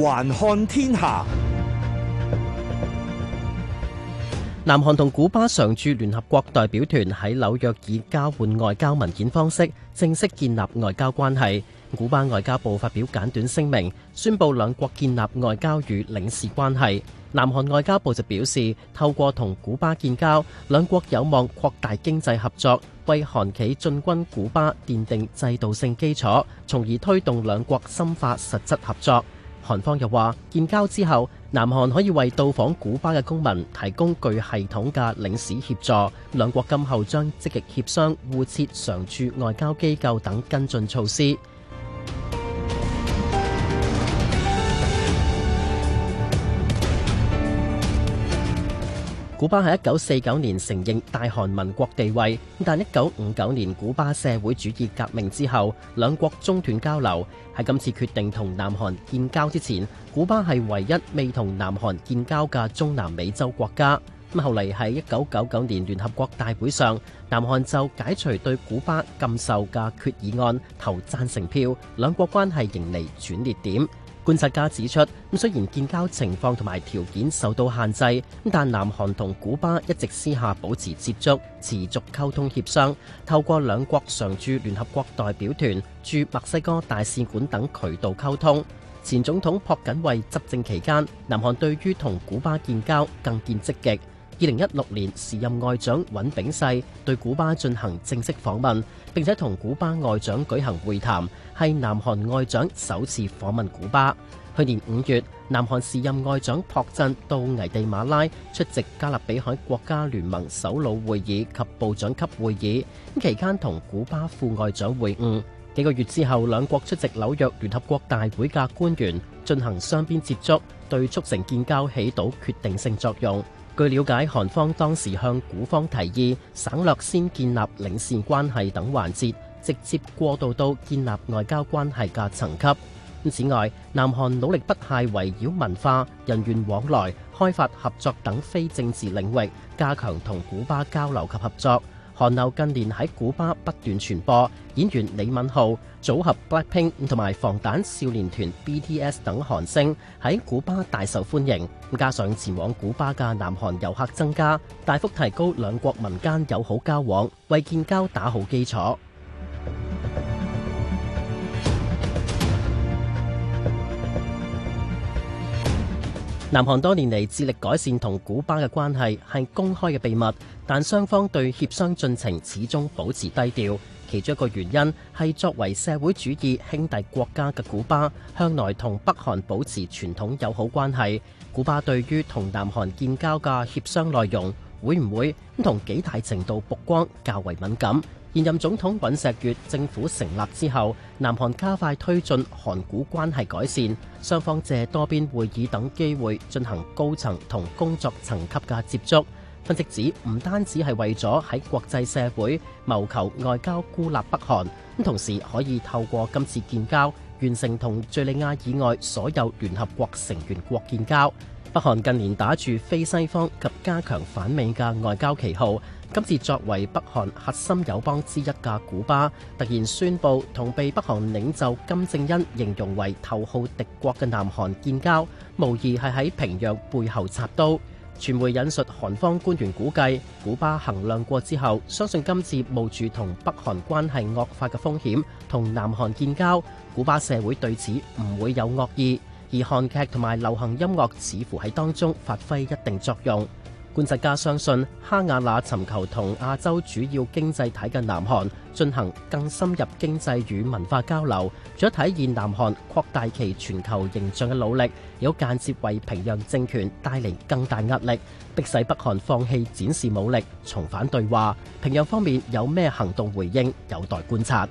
環看天下，南韓同古巴常駐聯合國代表團喺紐約以交換外交文件方式正式建立外交關係。古巴外交部發表簡短聲明，宣布兩國建立外交與領事關係。南韓外交部就表示，透過同古巴建交，兩國有望擴大經濟合作，為韓企進軍古巴奠定制度性基礎，從而推動兩國深化實質合作。韓方又話，建交之後，南韓可以為到訪古巴嘅公民提供具系統嘅領事協助，兩國今後將積極協商互設常駐外交機構等跟進措施。古巴喺一九四九年承認大韓民國地位，但一九五九年古巴社會主義革命之後，兩國中斷交流。喺今次決定同南韓建交之前，古巴係唯一未同南韓建交嘅中南美洲國家。咁後嚟喺一九九九年聯合國大會上，南韓就解除對古巴禁售嘅決議案，投贊成票，兩國關係迎嚟轉捩點。觀察家指出，雖然建交情況同埋條件受到限制，但南韓同古巴一直私下保持接觸，持續溝通協商，透過兩國常駐聯合國代表團、駐墨西哥大使館等渠道溝通。前總統朴槿惠執政期間，南韓對於同古巴建交更見積極。二零一六年，時任外長尹炳世對古巴進行正式訪問，並且同古巴外長舉行會談，係南韓外長首次訪問古巴。去年五月，南韓時任外長朴振到危地馬拉出席加勒比海國家聯盟首腦會議及部長級會議，咁期間同古巴副外長會晤。幾個月之後，兩國出席紐約聯合國大會嘅官員進行雙邊接觸，對促成建交起到決定性作用。據了解韓方當時向古方提議，省略先建立領事關係等環節，直接過渡到建立外交關係嘅層級。此外，南韓努力不懈，圍繞文化、人員往來、開發合作等非政治領域加強同古巴交流及合作。韓流近年喺古巴不斷傳播，演員李敏鎬、組合 BLACKPINK 同埋防彈少年團 BTS 等韓星喺古巴大受歡迎。加上前往古巴嘅南韓遊客增加，大幅提高兩國民間友好交往，為建交打好基礎。南韓多年嚟致力改善同古巴嘅關係係公開嘅秘密，但雙方對協商進程始終保持低調。其中一個原因係作為社會主義兄弟國家嘅古巴，向來同北韓保持傳統友好關係。古巴對於同南韓建交嘅協商內容，會唔會同幾大程度曝光較為敏感。現任總統尹錫悅政府成立之後，南韓加快推進韓古關係改善，雙方借多邊會議等機會進行高層同工作層級嘅接觸。分析指，唔單止係為咗喺國際社會謀求外交孤立北韓，同時可以透過今次建交完成同敍利亞以外所有聯合國成員國建交。北韓近年打住非西方及加強反美嘅外交旗號，今次作為北韓核心友邦之一嘅古巴，突然宣布同被北韓領袖金正恩形容為頭號敵國嘅南韓建交，無疑係喺平壤背後插刀。傳媒引述韓方官員估計，古巴衡量過之後，相信今次冒住同北韓關係惡化嘅風險，同南韓建交，古巴社會對此唔會有惡意。而韓劇同埋流行音樂似乎喺當中發揮一定作用。觀察家相信，哈瓦那尋求同亞洲主要經濟體嘅南韓進行更深入經濟與文化交流，除咗體現南韓擴大其全球形象嘅努力，有間接為平壤政權帶嚟更大壓力，迫使北韓放棄展示武力，重返對話。平壤方面有咩行動回應，有待觀察。